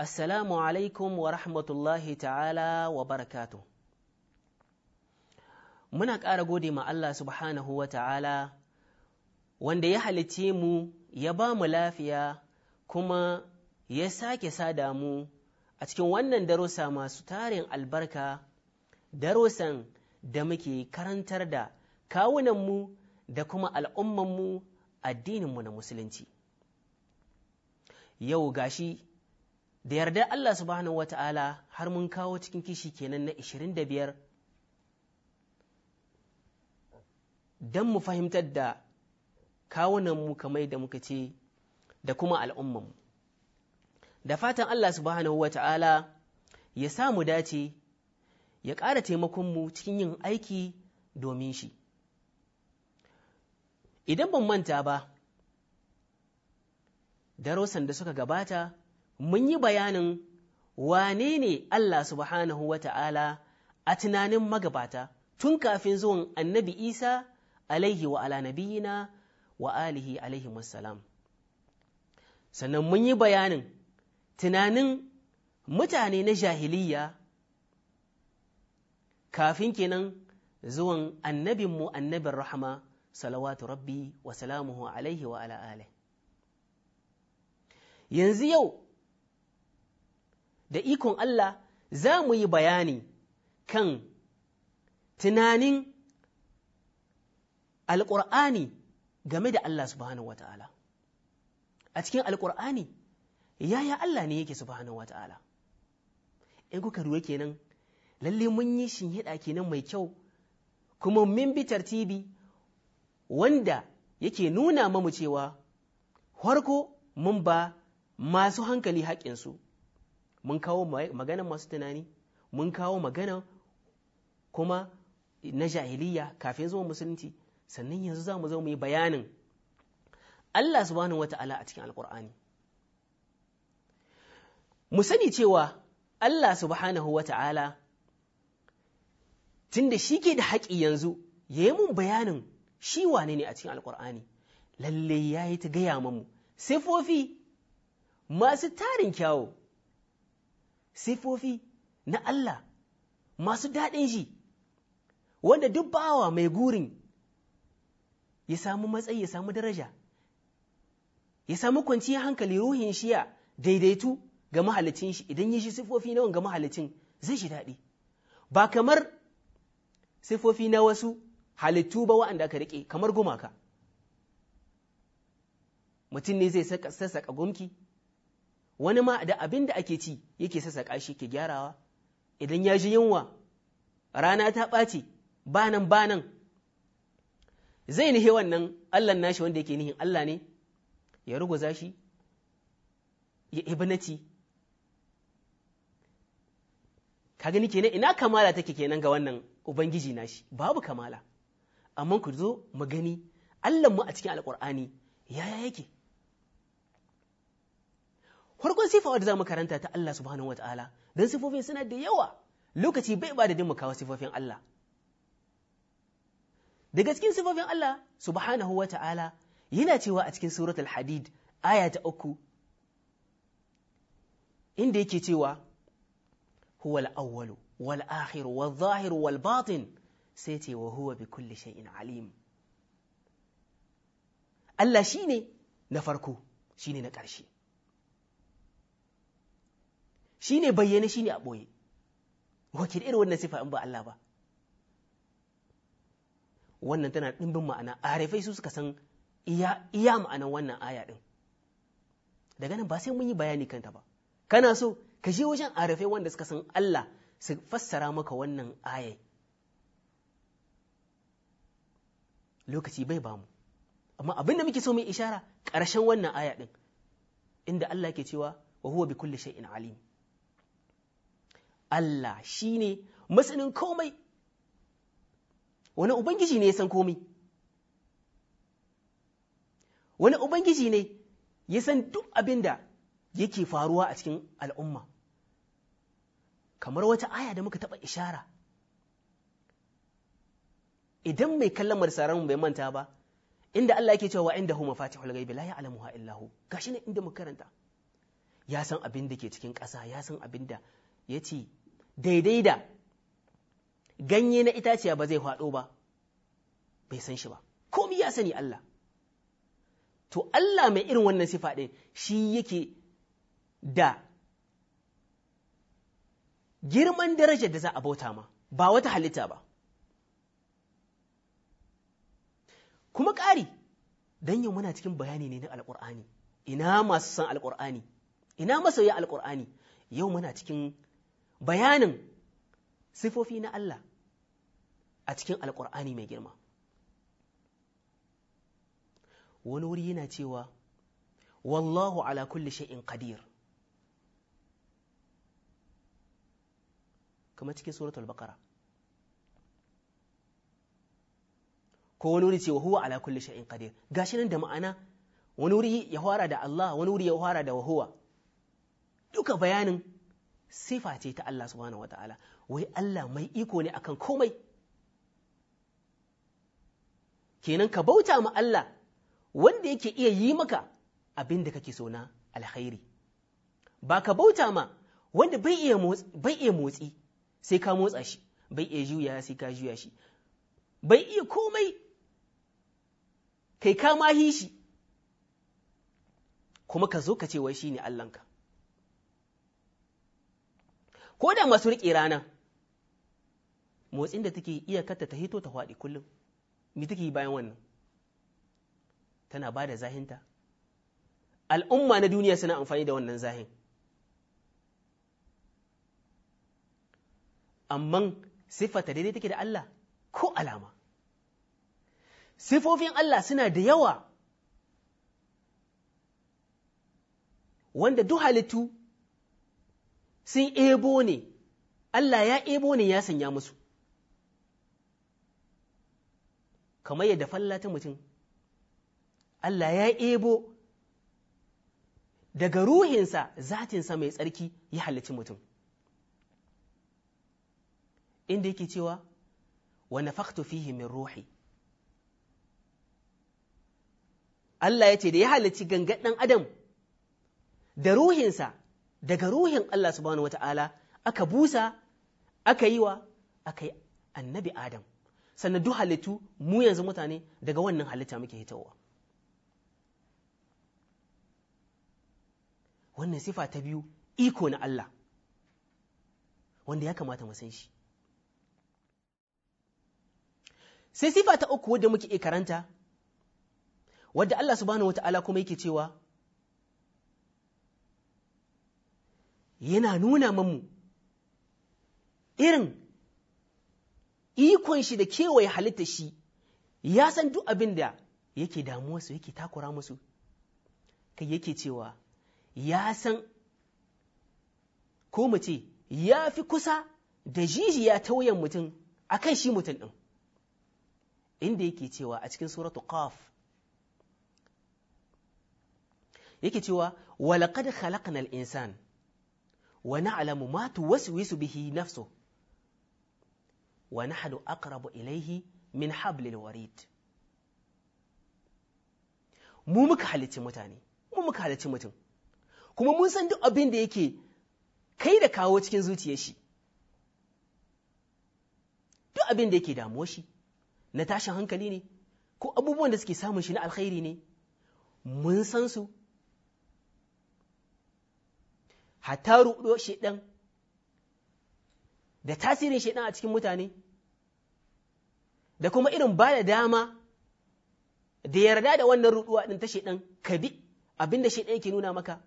Assalamu alaikum wa rahmatullahi ta'ala wa barakatu. Muna ƙara gode ma Allah subhanahu wa ta'ala wanda ya halicce mu ya ba mu lafiya kuma ya sake sada mu a cikin wannan darusa masu tarin albarka, darusan da muke karantar da kawunanmu da kuma al'ummanmu addininmu na musulunci. Yau gashi da yardar Allah subhanahu wa ta'ala har mun kawo cikin kishi kenan na 25 don mu fahimtar da kawunan mu kamar da muka ce da kuma al'ummanmu. Da fatan Allah subhanahu wa ta'ala ya samu dace ya ƙara taimakon mu cikin yin aiki domin shi. Idan ban manta ba, darosan da suka gabata mun yi bayanin wane ne Allah subhanahu wa ta'ala a tunanin magabata tun kafin zuwan annabi Isa alaihi wa ala nabiyina wa alihi alaihi wassalam. Sannan mun yi bayanin tunanin mutane na jahiliya kafin kenan zuwan annabinmu annabin rahama salawatu rabbi wa salamuhu alaihi wa ala Yanzu yau da ikon Allah za mu yi bayani kan tunanin alƙur'ani game da Allah subhanahu wa ta'ala. A cikin alƙur'ani, yaya Allah ne yake subhanahu wa ta'ala. In kuka ruwa kenan, lalle mun yi shinhiɗa kenan mai kyau, kuma min bi tartibi wanda yake nuna mamu cewa, farko mun ba masu hankali haƙƙinsu. mun kawo magana masu tunani mun kawo magana kuma na jahiliya kafin zuwa musulunci sannan yanzu za mu zo mu yi bayanin Allah subhanahu wata'ala a cikin alkur'ani mu sani cewa Allah subhanahu wata'ala tunda shi ke da haƙi yanzu ya yi mun bayanin shi wane ne a cikin alkur'ani lalle ya yi ta gaya mamu sifofi masu tarin kyawo sifofi na Allah masu daɗin shi wanda duk bawa mai gurin ya samu matsayi ya samu daraja ya samu kwanciyar hankali ruhin shiya ya daidaitu ga mahalicin shi idan yi shi sifofi na ga mahalicin zai shi daɗi ba kamar sifofi na wasu halittu ba wa'anda aka riƙe kamar gumaka mutum ne zai sassaƙa gumki wani ma da abin da ake ci yake sassaƙa shi ke gyarawa idan ya ji yunwa rana ta ɓace banan banan zai nihe wannan allah nashi wanda yake nihin allah ne ya ruguza shi ya ibnati ka gani kenan ina kamala take kenan ga wannan ubangiji nashi babu kamala amma ku zo mu gani mu a cikin alƙur'ani yaya yake farkon sifa wadda za mu karanta ta Allah subhanahu wa ta'ala don sifofin suna da yawa lokaci bai ba da din kawo sifofin Allah daga cikin sifofin Allah subhanahu wa ta'ala yana cewa a cikin al hadid aya ta uku inda yake cewa huwal awwalu wal akhir wal zahir wal batin sai ce wa huwa bi kulli shay'in alim Allah shine na farko shine na ƙarshe shi ne bayyane shi ne a ɓoye wakil irin wannan sifa in ba Allah ba wannan tana ɗimbin ma'ana harifai su suka san iya, ma'anan wannan aya ɗin daga nan ba sai mun yi bayani kanta ba kana so ka je wajen arifai wanda suka san Allah su fassara maka wannan ayai lokaci bai bamu amma abin da muke so mu ishara ƙarshen wannan aya ɗin inda Allah ke cewa wa huwa bi kulli shay'in alim Allah shi ne masanin komai, wani Ubangiji ne ya san komai, wani Ubangiji ne ya san duk abin da yake faruwa a cikin al'umma, kamar wata aya da muka taɓa ishara. Idan mai kallon marisaran bai manta ba, inda Allah yake cewa inda hu mafatihul ghaibi la ya'lamuha illa hu gashi ne inda muka karanta ya san abin da ke cikin ƙasa ya san abin da ya ce daidai da ganye na itaciya ba zai faɗo ba bai san shi ba komi ya sani Allah to Allah mai irin wannan sifa ɗin shi yake da girman darajar da za a bauta ma ba wata halitta ba kuma ƙari don yau muna cikin bayani ne na alƙur'ani ina masu san alƙur'ani ina masoya alƙur'ani yau muna cikin bayanin sifofi na Allah a cikin alƙur'ani mai girma wani wuri yana cewa wallahu ala kulli shay'in qadir Kama cikin suratul baqara ko wani wuri ce wa huwa ala kulli shay'in qadir gashi nan da ma'ana wani wuri ya fara da Allah wani wuri ya fara da wahuwa duka bayanin sifa ce ta Allah subhanahu wata'ala wai Allah mai iko ne akan komai kenan ka bauta ma Allah wanda yake iya yi maka abin da kake so na alkhairi ba ka bauta ma wanda bai iya motsi sai ka motsa shi bai iya juya sai ka juya shi bai iya komai kai ka mahi shi kuma ka zo ka ce wai shi ne Allahnka ko da masu riƙe rana motsin da take iya iyakarta ta hito ta faɗi kullum me take yi bayan wannan tana ba da zahinta al'umma na duniya suna amfani da wannan zahin amman siffata daidai take da Allah ko alama sifofin Allah suna da yawa wanda duk halittu sun ebo ne, Allah ya ebo ne ya sanya musu, kamar yadda falla ta mutum, Allah ya ebo daga ruhinsa zatinsa mai tsarki ya halici mutum. Inda yake cewa, wa nafaktu fihi min ruhi. Allah ya ce da ya halici gangan ɗan Adam da ruhinsa daga ruhin Allah subhanahu wata'ala aka busa aka yi wa aka yi annabi Adam sannan duk halittu mu yanzu mutane daga wannan halitta muke hitowa wannan sifa ta biyu iko na Allah wanda ya kamata mu san shi sai sifa ta uku wadda muke karanta wadda Allah subhanahu wata'ala kuma yake cewa yana nuna mamu irin ikon shi da kewaye halitta shi ya san duk abin da yake damuwarsu yake takura musu kai yake cewa ya san ko mace ya fi kusa da jijiya ta wuyan mutum a kan shi mutum ɗin inda yake cewa a cikin suratu qaf yake cewa walaƙad khalaqnal insan wa na'lamu ma tuwaswisu bihi nafsu wa nahnu aqrabu ilaihi min hablil warid mu muka halicci mutane mu muka halicci mutum kuma mun san duk abin da yake kai da kawo cikin zuciyar shi duk abin da yake damuwa shi na tashin hankali ne ko abubuwan da suke samun shi na alkhairi ne mun san su hatta ruɗo shaidan da tasirin shaidan a cikin mutane da kuma irin ba da dama da yarda da wannan ruɗuwa ɗin ta shaidan ka bi abinda da shaidan yake nuna maka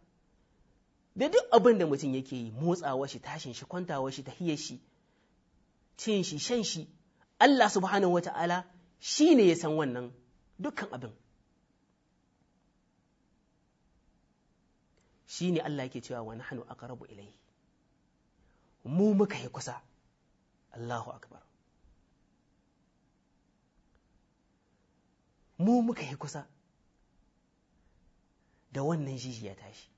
da duk abin da mutum yake yi motsawa shi tashin shi kwantawa shi tahiyar shi cin shi shan shi Allah subhanahu wata'ala shi ne ya san wannan dukkan abin shi ne Allah yake cewa wani hannu aka rabu ilai mu muka yi kusa Allahu akbar mu muka yi kusa da wannan jijiya tashi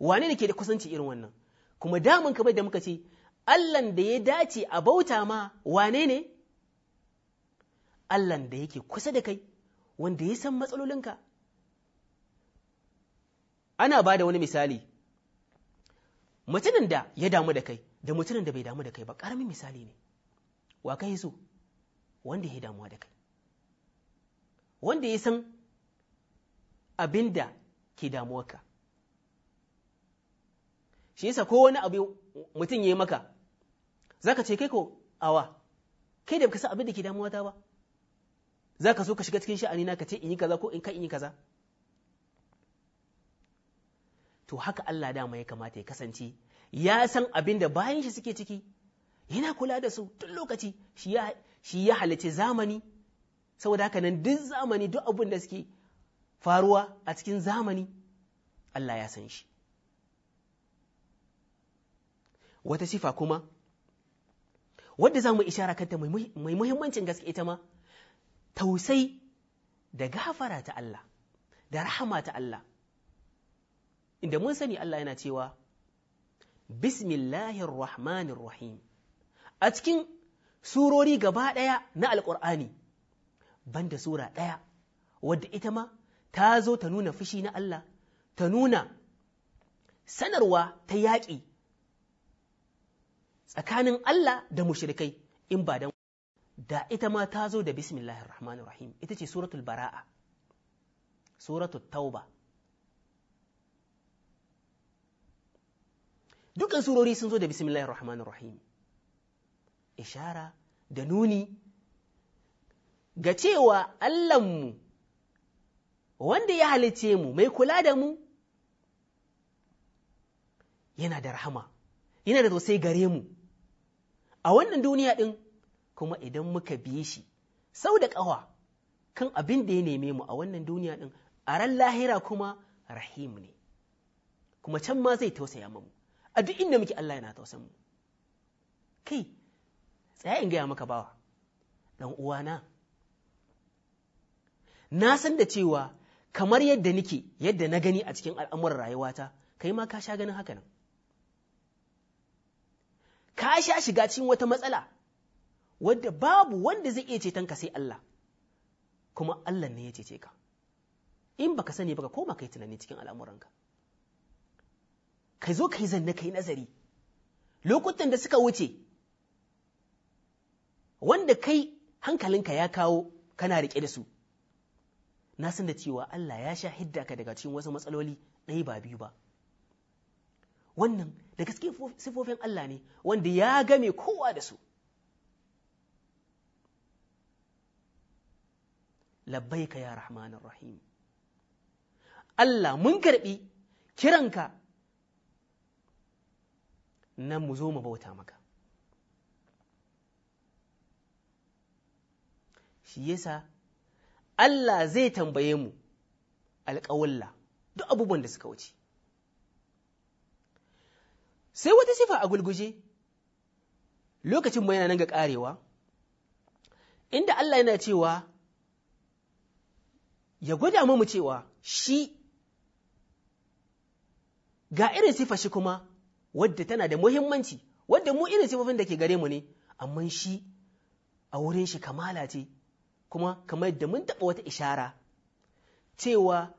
wane ne ke da kusanci irin wannan kuma damun kamar da muka ce Allah da ya dace a bauta ma wane ne Allahn da yake kusa da kai wanda ya san matsalolinka ana ba da wani misali mutumin da ya damu da kai da mutumin da bai damu da kai ba ƙaramin misali ne wa kai so wanda ya damuwa da kai wanda ya san abin da ke damuwarka shi yasa ko wani abu mutum ya yi maka za ka ce kai ko awa kai da ka san abin da ke damuwa ta ba za ka so ka shiga cikin sha'ani na ka ce in yi kaza ko in ka in yi kaza to haka Allah dama ya kamata ya kasance ya san abin da bayan shi suke ciki yana kula da su tun lokaci shi ya halice zamani saboda haka nan duk zamani duk abin da suke faruwa a cikin zamani Allah ya san shi wata sifa kuma wadda za mu ishara kanta mai muhimmancin gaske ita ma tausai da gafara ta Allah da rahama ta Allah inda mun sani Allah yana cewa bismillahir rahmanir rahim a cikin surori gaba ɗaya na alƙur'ani banda sura ɗaya wadda ita ma ta zo ta nuna fushi na Allah ta nuna sanarwa ta yaƙi tsakanin Allah da mushrikai in ba dan da ita ma ta zo da bismillahir rahmanir rahim ita ce suratul bara'a suratul tauba Dukkan surori sun zo da bismillahir rahmanir rahim ishara da nuni ga cewa mu wanda ya halice mu mai kula da mu yana da rahama yana da sosai gare mu a wannan duniya din kuma idan muka biye shi sau da ƙawa kan abin da ya neme mu a wannan duniya din a ran lahira kuma rahim ne kuma can ma zai tausaya mu a duk inda muke Allah yana tausan mu kai tsaya in gaya maka bawa dan uwana na san da cewa kamar yadda nike yadda na gani a cikin al'amuran rayuwata kai ma ka sha ganin haka nan ka sha shiga cikin wata matsala wadda babu wanda zai iya ceton ka sai Allah kuma Allah ne ya cece ka in baka sani baka koma kai tunani cikin ka. ka zo ka yi zanne ka yi nazari lokutan da suka wuce wanda kai hankalinka ya kawo kana rike da su na san da cewa Allah ya sha hidda ka daga cikin wasu matsaloli ɗaya ba biyu ba wannan da gaske sifofin Allah ne wanda ya game kowa da su labbaika ya rahmanin rahim Allah mun karɓi kiranka Nan mu zo mu bauta maka shi yasa Allah zai tambaye mu alƙawalla duk abubuwan da suka wuce sai wata sifa a gulguje lokacin mu yana nan ga ƙarewa inda Allah yana cewa ya gwada mu cewa shi ga irin sifa shi kuma wadda tana da muhimmanci wadda mu irin sifofin da ke gare mu ne amma shi a wurin shi kamala ce kuma kamar da mun taɓa wata ishara cewa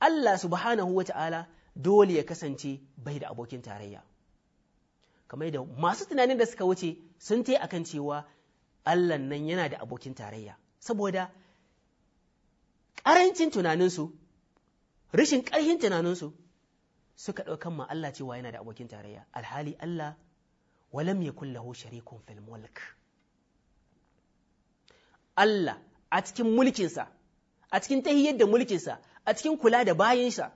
Allah subhanahu wa ta'ala dole ya kasance bai da abokin tarayya kamar da masu tunanin da suka wuce sun te akan cewa Allah nan yana da abokin tarayya saboda ƙarancin tunaninsu rashin ƙarhin tunaninsu suka ɗaukan ma Allah cewa yana da abokin tarayya alhali Allah walam ya lahu sharikun fil mulk Allah a cikin mulkinsa a cikin tahiyyar da mulkinsa a cikin kula da bayinsa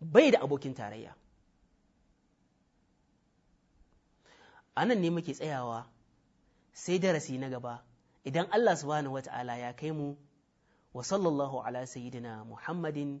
bai da abokin tarayya anan ne muke tsayawa sai darasi na gaba idan Allah subhanahu wata'ala ya kai mu wa sallallahu ala sayyidina Muhammadin